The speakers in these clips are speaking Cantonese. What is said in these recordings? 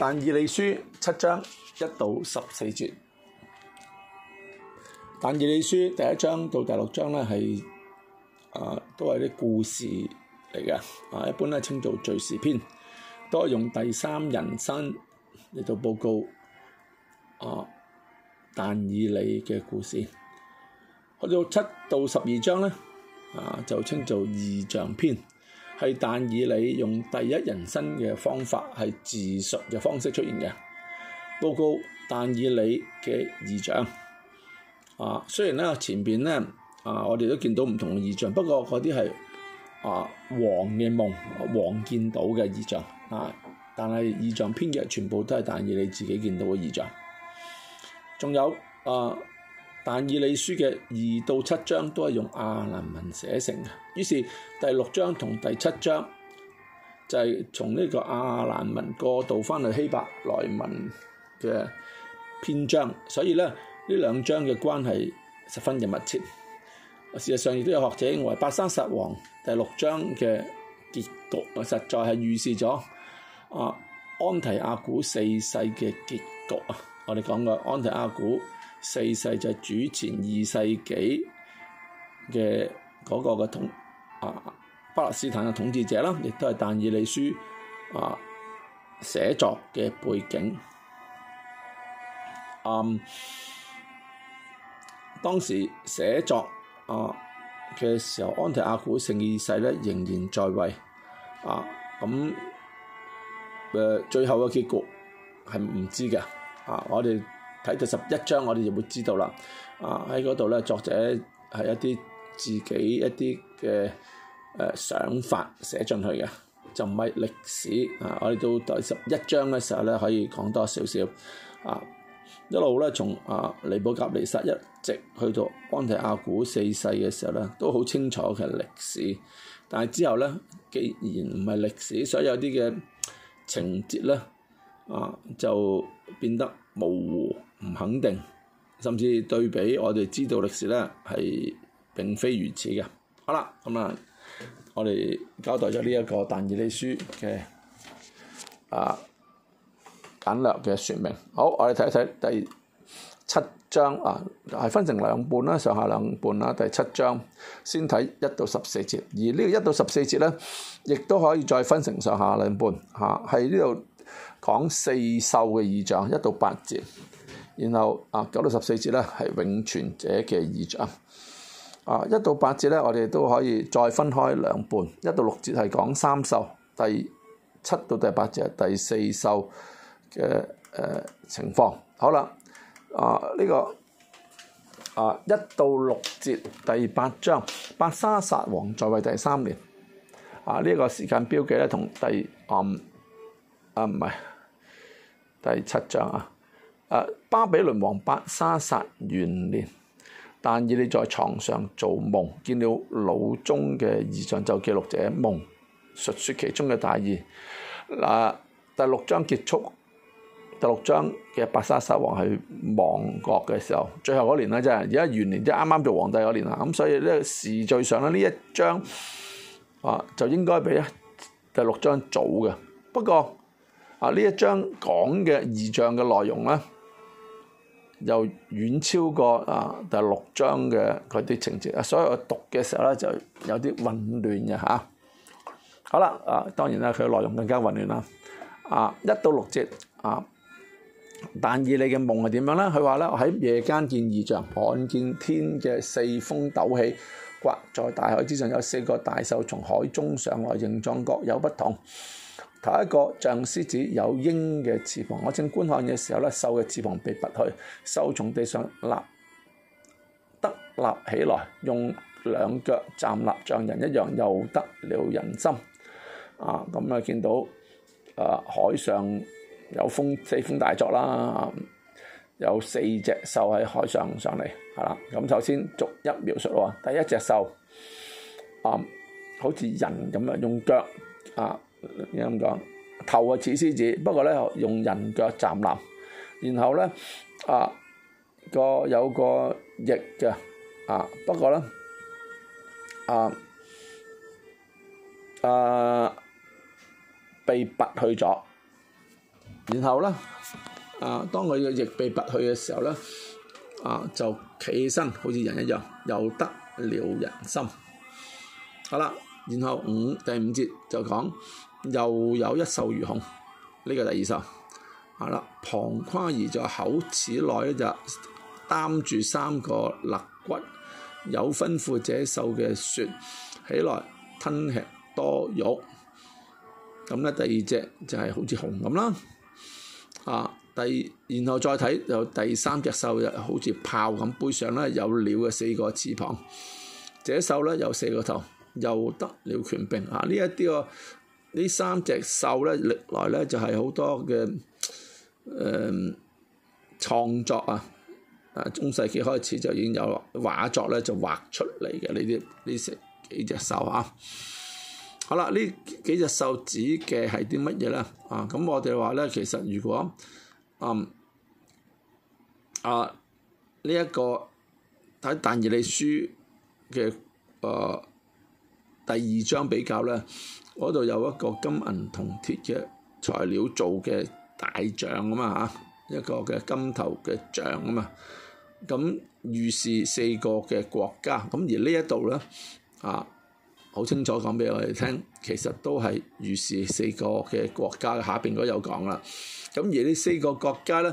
但以理書七章一到十四節，但以理書第一章到第六章呢，係啊都係啲故事嚟嘅，啊一般呢，稱做敘事篇，都係用第三人生嚟到報告啊但以理嘅故事，去到七到十二章呢，啊就稱做異象篇。係但以理用第一人稱嘅方法，係自述嘅方式出現嘅報告。但以理嘅異象啊，雖然呢，前邊呢，啊，我哋都見到唔同嘅異象，不過嗰啲係啊王嘅夢，王見到嘅異象啊，但係異象篇嘅全部都係但以理自己見到嘅異象。仲有啊，但以理書嘅二到七章都係用亞蘭文寫成嘅。於是第六章同第七章就係、是、從呢個阿蘭文過渡翻去希伯來文嘅篇章，所以咧呢兩章嘅關係十分嘅密切。事實上亦都有學者認為《八三十王》第六章嘅結,、啊、結局，實在係預示咗啊安提阿古四世嘅結局啊！我哋講過安提阿古四世就係主前二世紀嘅嗰個嘅通。啊！巴勒斯坦嘅統治者啦，亦都係但以理書啊寫作嘅背景。啊、嗯，當時寫作啊嘅時候，安提阿古聖二世咧仍然在位。啊，咁、嗯、誒、啊、最後嘅結局係唔知嘅。啊，我哋睇第十一章，我哋就會知道啦。啊，喺嗰度咧，作者係一啲自己一啲。嘅誒想法寫進去嘅，就唔係歷史啊！我哋到第十一章嘅時候咧，可以講多少少啊，一路咧從啊尼布甲尼撒一直去到安提阿古四世嘅時候咧，都好清楚嘅歷史。但係之後咧，既然唔係歷史，所以有啲嘅情節咧啊，就變得模糊、唔肯定，甚至對比我哋知道歷史咧係並非如此嘅。好啦，咁、嗯、啊，我哋交代咗呢一個但以理書嘅啊簡略嘅説明。好，我哋睇一睇第七章啊，係分成兩半啦，上下兩半啦。第七章先睇一到十四節，而呢個一到十四節咧，亦都可以再分成上下兩半。嚇、啊，係呢度講四獸嘅異象一到八節，然後啊九到十四節咧係永存者嘅異象。啊！一到八節咧，我哋都可以再分開兩半，一到六節係講三獸，第七到第八節係第四獸嘅誒情況。好啦，啊呢、這個啊一到六節第八章，伯沙撒王在位第三年。啊呢、這個時間標記咧，同第、嗯、啊唔啊唔係第七章啊，誒、啊、巴比倫王伯沙撒元年。但以理在床上做夢，見了腦中嘅異象就記錄者夢，述説其中嘅大義。嗱、啊，第六章結束，第六章嘅伯沙撒王係亡國嘅時候，最後嗰年咧，即係而家元年，即係啱啱做皇帝嗰年啊，咁所以咧時序上咧呢一章啊，就應該比第六章早嘅。不過啊，呢一章講嘅異象嘅內容咧。又遠超過啊，第六章嘅佢啲情節啊，所以我讀嘅時候咧就有啲混亂嘅吓。好啦，啊，當然啦，佢嘅內容更加混亂啦。啊，一到六節啊，但以理嘅夢係點樣咧？佢話咧，喺夜間見異象，看見天嘅四風陡起，刮在大海之上，有四個大獸從海中上來，形狀各有不同。頭一個像獅子有鷹嘅翅膀，我正觀看嘅時候咧，獸嘅翅膀被拔去，獸從地上立得立起來，用兩腳站立，像人一樣，又得了人心。啊，咁啊見到啊海上有風四風大作啦，啊，有四隻獸喺海上上嚟，係啦。咁、啊、首先逐一描述喎，第一隻獸啊，好似人咁樣用腳啊。咁講，頭啊似獅子，不過咧用人腳站立，然後咧啊個有個翼嘅，啊不過咧啊啊被拔去咗，然後咧啊當佢嘅翼被拔去嘅時候咧啊就企起身，好似人一樣，又得了人心。好啦，然後五第五節就講。又有一獸如熊，呢、這個第二獸，係啦，旁跨而在口齒內咧就擔住三個肋骨，有吩咐這獸嘅説起來吞吃多肉。咁咧第二隻就係好似熊咁啦，啊，第二然後再睇就第三隻獸好似豹咁，背上咧有鳥嘅四個翅膀，這獸咧有四個頭，又得了權柄啊！呢一啲個。呢三隻獸咧，歷來咧就係好多嘅誒創作啊！啊，中世紀開始就已經有畫作咧，就畫出嚟嘅呢啲呢成幾隻獸啊！好啦，這幾是呢幾隻獸指嘅係啲乜嘢咧？啊，咁我哋話咧，其實如果、嗯、啊啊呢一個睇《但以理書》嘅、啊、誒第二章比較咧。嗰度有一個金銀銅鐵嘅材料做嘅大像啊嘛嚇，一個嘅金頭嘅像啊嘛，咁預示四個嘅國家，咁而這裡呢一度咧啊，好清楚講俾我哋聽，其實都係預示四個嘅國家下邊都有講啦。咁而呢四個國家咧，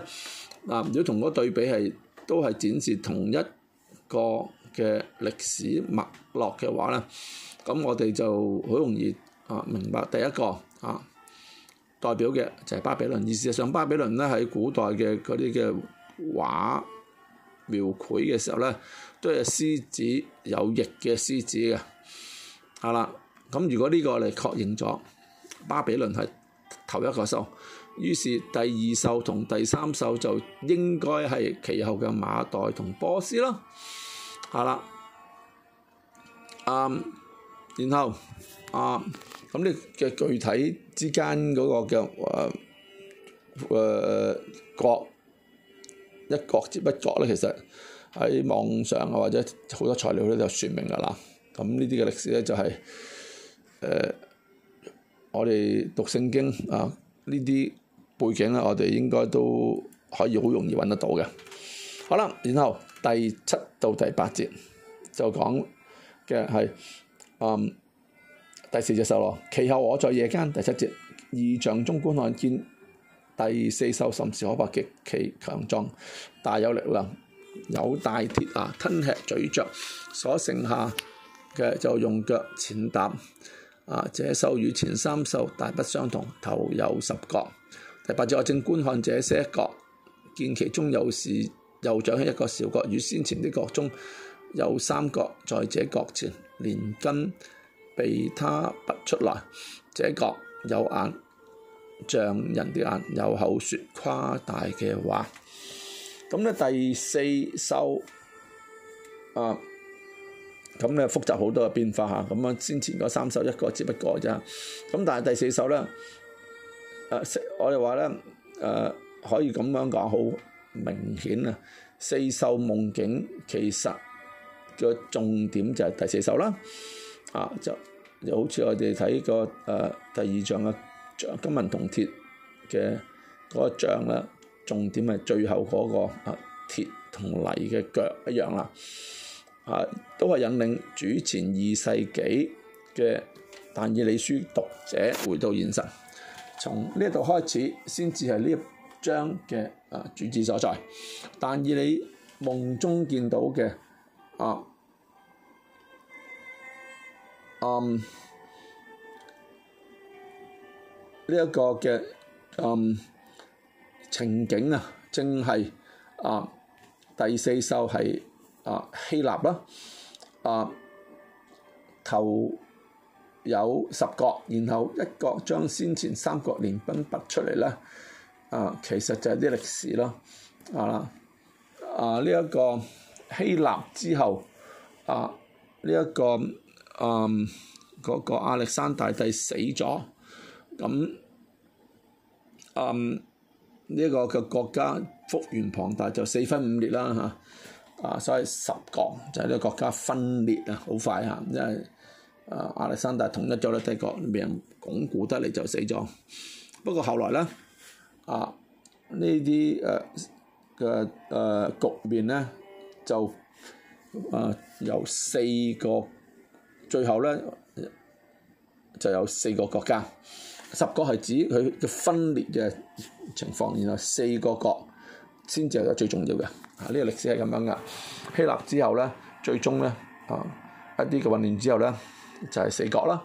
嗱，如果同個對比係都係展示同一個嘅歷史脈絡嘅話咧，咁我哋就好容易。啊，明白第一個啊，代表嘅就係巴比倫。而事實上，巴比倫，巴比倫咧喺古代嘅嗰啲嘅畫描繪嘅時候咧，都係獅子有翼嘅獅子嘅，係啦。咁如果呢個嚟確認咗，巴比倫係頭一個獸，於是第二獸同第三獸就應該係其後嘅馬代同波斯咯，係啦。嗯，啊，然後啊。咁呢嘅具體之間嗰個嘅誒誒國一國接一國咧，其實喺網上啊或者好多材料咧就說明㗎啦。咁呢啲嘅歷史咧就係、是、誒、呃、我哋讀聖經啊呢啲背景咧，我哋應該都可以好容易揾得到嘅。好啦，然後第七到第八節就講嘅係嗯。第四隻獸咯，其後我在夜間第七節異象中觀看見第四獸甚是可怕，極其強壯，大有力量，有大鐵牙吞吃咀嚼，所剩下嘅就用腳踐踏。啊，這獸與前三獸大不相同，頭有十角。第八節我正觀看這些角，見其中又是又長起一個小角，與先前的角中有三角，在這角前連根，被他拔出來，這角有眼像人啲眼，有口説誇大嘅話。咁咧第四獸，啊，咁咧複雜好多嘅變化嚇。咁樣先前嗰三獸一個接一個啫，咁但係第四獸咧，誒，我哋話咧誒，可以咁樣講，好明顯啊。四獸夢境其實嘅重點就係第四獸啦。啊，就就好似我哋睇個誒第二章嘅象金銀同鐵嘅嗰章啦，重點係最後嗰、那個啊鐵同泥嘅腳一樣啦，啊都係引領主前二世紀嘅但以理書讀者回到現實，從呢度開始先至係呢一章嘅啊主旨所在，但以理夢中見到嘅啊。呢、um, 一個嘅、um, 情景啊，正係啊第四獸係啊希臘啦、啊，啊頭有十國，然後一國將先前三國連根拔出嚟啦，啊其實就係啲歷史咯、啊，啊啊呢一、這個希臘之後啊呢一、這個。嗯，嗰個亞歷山大帝死咗，咁嗯呢個嘅國家幅員龐大，就四分五裂啦嚇，啊，所以十國就係呢個國家分裂啊，好快嚇，因為啊亞歷山大統一咗個帝國，未能鞏固得嚟就死咗。不過後來咧，啊呢啲誒嘅誒局面咧就啊有四個。最後咧就有四個國家，十個係指佢嘅分裂嘅情況，然後四個國先至係最重要嘅，這個。啊，呢個歷史係咁樣噶。希臘之後咧，最終咧啊一啲嘅混亂之後咧就係，是，四國啦。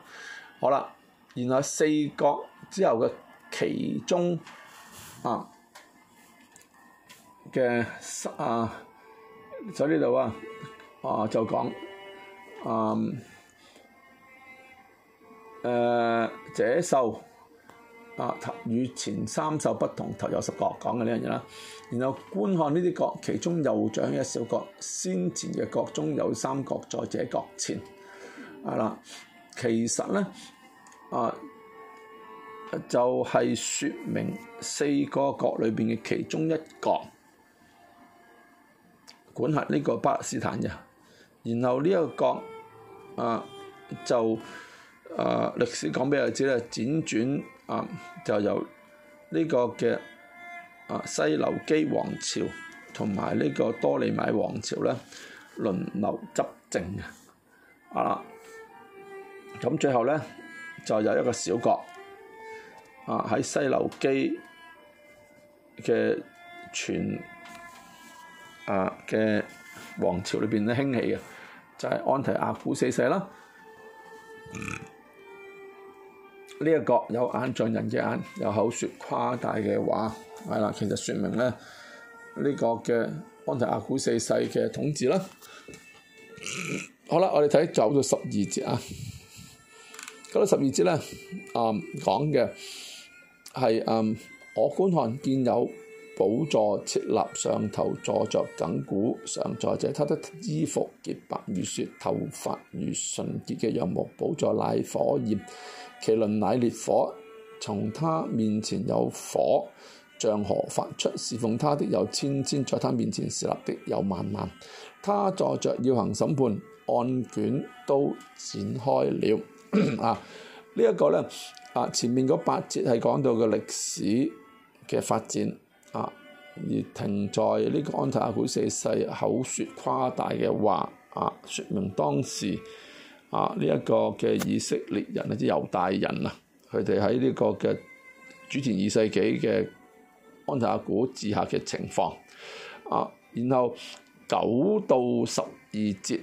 好啦，然後四國之後嘅其中啊嘅啊，就呢度啊啊就講啊。啊誒這獸，啊，與前三獸不同，頭有十角講嘅呢樣嘢啦。然後觀看呢啲角，其中又長一小角，先前嘅角中有三角在這角前，啊啦，其實呢，啊就係、是、説明四個角裏邊嘅其中一角管轄呢個巴勒斯坦嘅。然後呢一個角啊就。啊、呃，歷史講俾你知咧，輾轉啊、呃，就由呢個嘅啊、呃、西流基王朝同埋呢個多利米王朝咧，輪流執政嘅。啊，咁最後咧就有一個小國啊喺西流基嘅全啊嘅、呃、王朝裏邊咧興起嘅，就係、是、安提阿古四世啦。嗯。呢、這、一個有眼像人嘅眼，有口説誇大嘅話，係啦。其實説明咧呢、這個嘅安提阿古四世嘅統治啦、嗯。好啦，我哋睇走咗十二節啊。咁啊，十二節咧啊講嘅係啊，我觀看見有寶座設立上頭，坐着亙古常在者，他的衣服潔白如雪，頭髮如純潔嘅羊毛，寶座乃火焰。其輪乃烈火，從他面前有火，像河發出，侍奉他的有千千，在他面前侍立的有萬萬。他坐着要行審判，案卷都展開了。 啊，呢、這、一個呢，啊前面嗰八節係講到嘅歷史嘅發展，啊而停在呢個安提阿古四世世，口説誇大嘅話，啊，説明當時。啊！呢、這、一個嘅以色列人或者、就是、猶大人啊，佢哋喺呢個嘅主前二世紀嘅安提阿古治下嘅情況，啊，然後九到十二節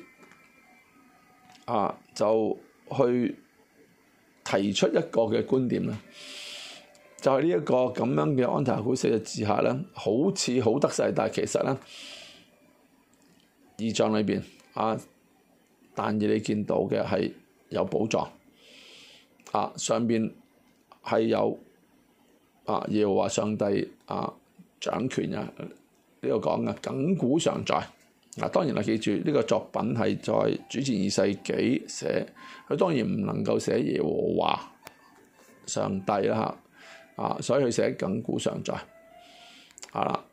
啊，就去提出一個嘅觀點啦，就係呢一個咁樣嘅安提阿古四嘅治下咧，好似好得勢，但係其實咧，異象裏邊啊。但以你見到嘅係有寶藏，啊上面係有啊耶和華上帝啊掌權啊呢度講嘅亙古常在。嗱、啊、當然啦、啊，記住呢、呢個作品係在主前二世紀寫，佢當然唔能夠寫耶和華上帝啦嚇，啊所以佢寫亙古常在，係、啊啊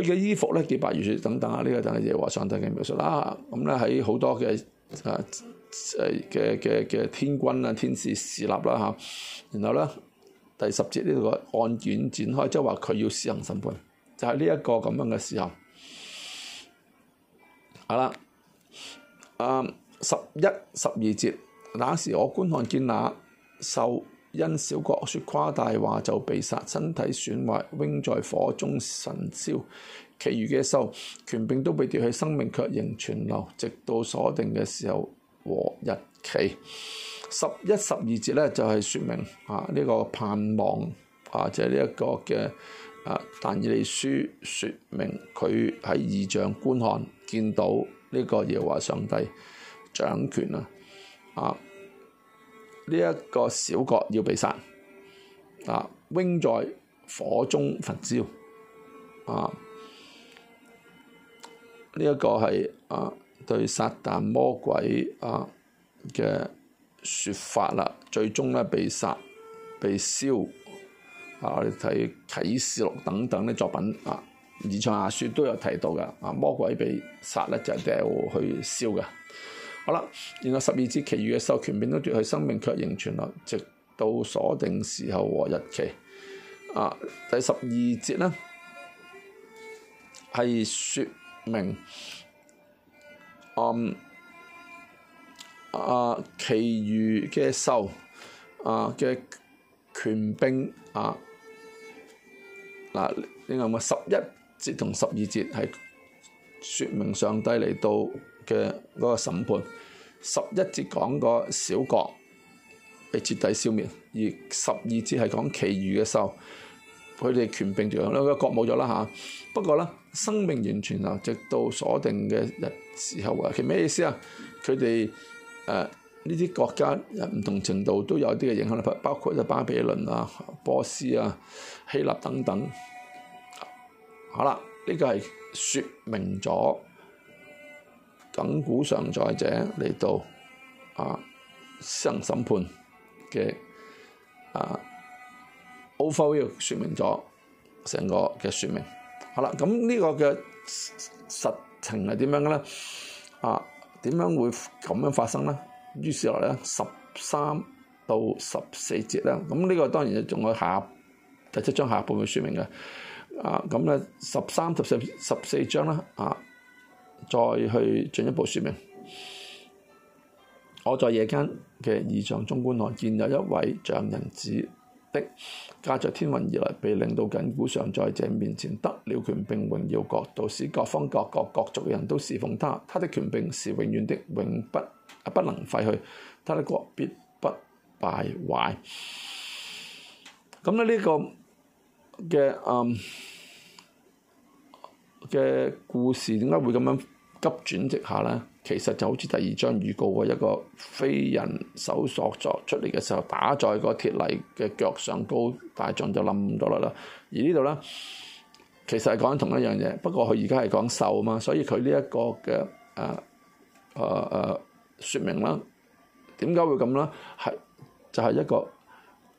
佢嘅衣服咧潔白如雪，等等、這個、啊！呢個就係耶和華上帝嘅描述啦。咁咧喺好多嘅誒誒嘅嘅嘅天軍啊、天使侍立啦嚇、啊。然後咧第十節呢、這個案卷展開，即係話佢要施行審判，就係呢一個咁樣嘅時候。好啦，誒、啊、十一十二節，那時我觀看見那獸。因小國説誇大話就被殺，身體損壞，燄在火中焚燒，其餘嘅獸，權柄都被奪去，生命卻仍存留，直到鎖定嘅時候和日期。十一、十二節咧就係、是、説明啊呢、這個盼望啊，即係呢一個嘅啊但以理書説明佢喺異象觀看見到呢個耶和華上帝掌權啊啊！呢、這、一個小國要被殺，啊，扔在火中焚燒，啊，呢、這、一個係啊對撒但魔鬼啊嘅説法啦，最終咧被殺被燒，啊，我哋睇啟示錄等等啲作品啊，以賽亞書都有提到嘅，啊，魔鬼被殺咧就掉、是、去燒嘅。好啦，然後十二節其餘嘅獸，權柄都奪去，生命卻仍存留，直到所定時候和日期。啊，第十二節呢，係説明、嗯、啊其餘啊其餘嘅獸啊嘅權柄。啊。嗱，呢個十一節同十二節係説明上帝嚟到嘅嗰個審判，十一節講個小國被徹底消滅，而十二節係講其餘嘅獸，佢哋權柄掉兩個國冇咗啦嚇。不過咧，生命完全啊，直到鎖定嘅日時候啊，其咩意思啊？佢哋誒呢啲國家唔同程度都有啲嘅影響力，包括就巴比倫啊、波斯啊、希臘等等。好啦，呢個係説明咗。亙古常在者嚟到啊，私人審判嘅啊 over 要説明咗成個嘅説明，好啦，咁呢個嘅實情係點樣嘅咧？啊，點樣會咁樣發生咧？於是落嚟咧，十三到十四節咧，咁呢個當然仲有下第七章下半段説明嘅啊，咁咧十三十四十四章啦，啊。再去進一步說明。我在夜間嘅異象中觀看見有一位像人子的，駕着天雲而來，被領到亙古常在者面前得了權柄榮耀國度，使各方各國各，各，各族人都侍奉他。他的權柄是永遠的，永不不能廢去。他的國必不敗壞。咁呢、呢個嘅誒嘅故事點解會咁樣？急轉直下咧，其實就好似第二張預告喎，一個非人搜索作出嚟嘅時候，打在個鐵泥嘅腳上，高大像就冧咗落啦。而呢度咧，其實係講緊同一樣嘢，不過佢而家係講獸啊嘛，所以佢呢一個嘅誒誒誒説明啦，點解會咁咧？係就係、是、一個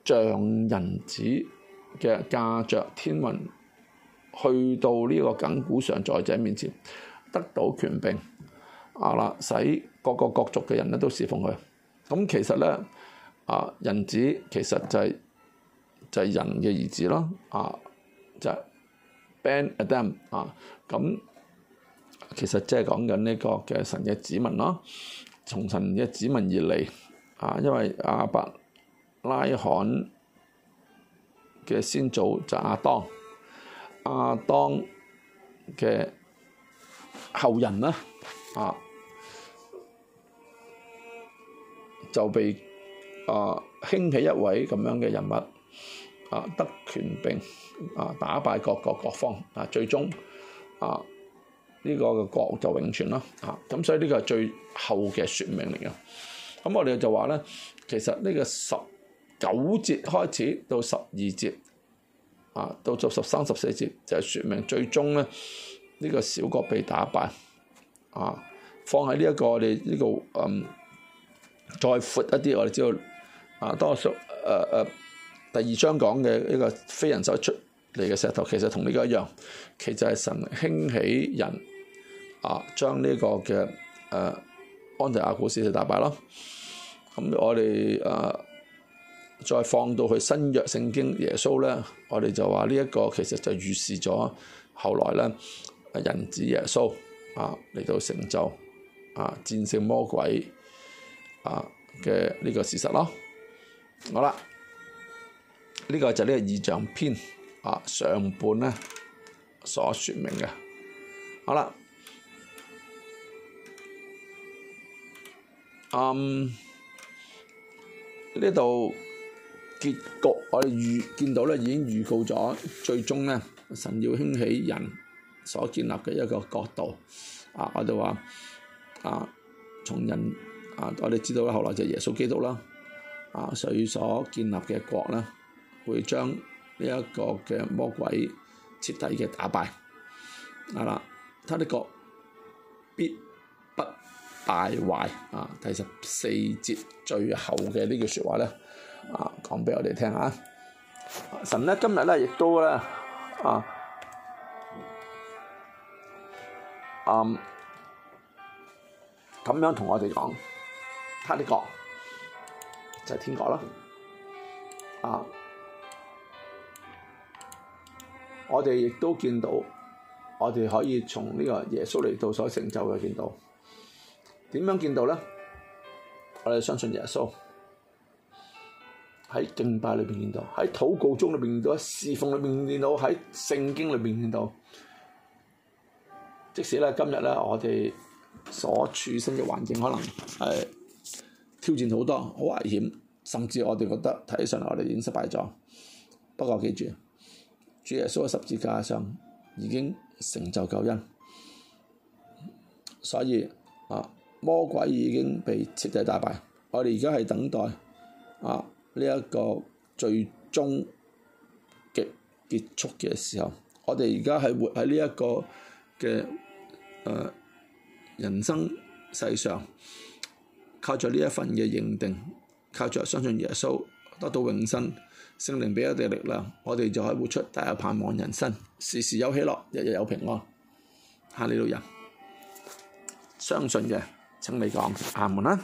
像人子嘅駕着天雲，去到呢個亙古常在者面前。得到權柄啊啦，使各個各族嘅人咧都侍奉佢。咁其實咧啊，人子其實就係、是、就係、是、人嘅兒子咯啊，就係、Ben Adam 啊，咁其實即係講緊呢個嘅神嘅子民咯，從神嘅子民而嚟啊，因為亞伯拉罕嘅先祖就阿當，阿當嘅後人啦，啊，就被啊興起一位咁樣嘅人物，啊得權柄啊打敗各國各方，啊最終啊呢、這個嘅國就永存啦，嚇、啊、咁所以呢個係最後嘅説明嚟嘅，咁我哋就話咧，其實呢個十九節開始到十二節，啊到十三十四節就係、是、説明最終咧。呢、這個小國被打敗，啊，放喺呢、這個這個嗯、一個我哋呢個嗯再闊一啲，我哋知道啊，當我讀誒、啊啊、第二章講嘅呢個非人手出嚟嘅石頭，其實同呢個一樣，其實係神興起人啊，將呢個嘅誒、啊、安提阿古斯就打敗咯。咁我哋誒、啊、再放到去新約聖經耶穌咧，我哋就話呢一個其實就預示咗後來咧。人子耶穌啊，嚟到成就啊，戰勝魔鬼啊嘅呢、這個事實咯。好啦，呢、這個就係呢個異象篇啊上半咧所説明嘅。好啦，咁呢度結局我哋預見到咧，已經預告咗最終咧神要興起人。所建立嘅一個國度，啊，我哋話，啊，從人，啊，我哋知道啦，後來就是耶穌基督啦，啊，所以所建立嘅國咧，會將呢一個嘅魔鬼徹底嘅打敗，係、啊、啦，他的國必不敗壞，啊，第十四節最後嘅呢句説話咧，啊，講俾我哋聽啊，神咧今日咧亦都啦，啊。嗯，咁樣同我哋講，他嘅國就係天國啦。啊、uh，我哋亦都見到，我哋可以從呢個耶穌嚟到所成就嘅見到，點樣見到咧？我哋相信耶穌喺敬拜裏邊見到，喺禱告中裏邊見到，喺侍奉裏邊見到，喺聖經裏邊見到。即使咧今日咧，我哋所處新嘅環境可能係挑戰好多，好危險，甚至我哋覺得睇上嚟我哋已經失敗咗。不過記住，主耶穌嘅十字架上已經成就救恩，所以啊，魔鬼已經被徹底打敗。我哋而家係等待啊呢一個最終極結束嘅時候。我哋而家係活喺呢一個嘅。呃、人生世上，靠著呢一份嘅認定，靠著相信耶穌得到永生，聖靈俾我哋力量，我哋就可以活出大有盼望人生，時時有喜樂，日日有平安。嚇！呢度人相信嘅，請你講阿門啊！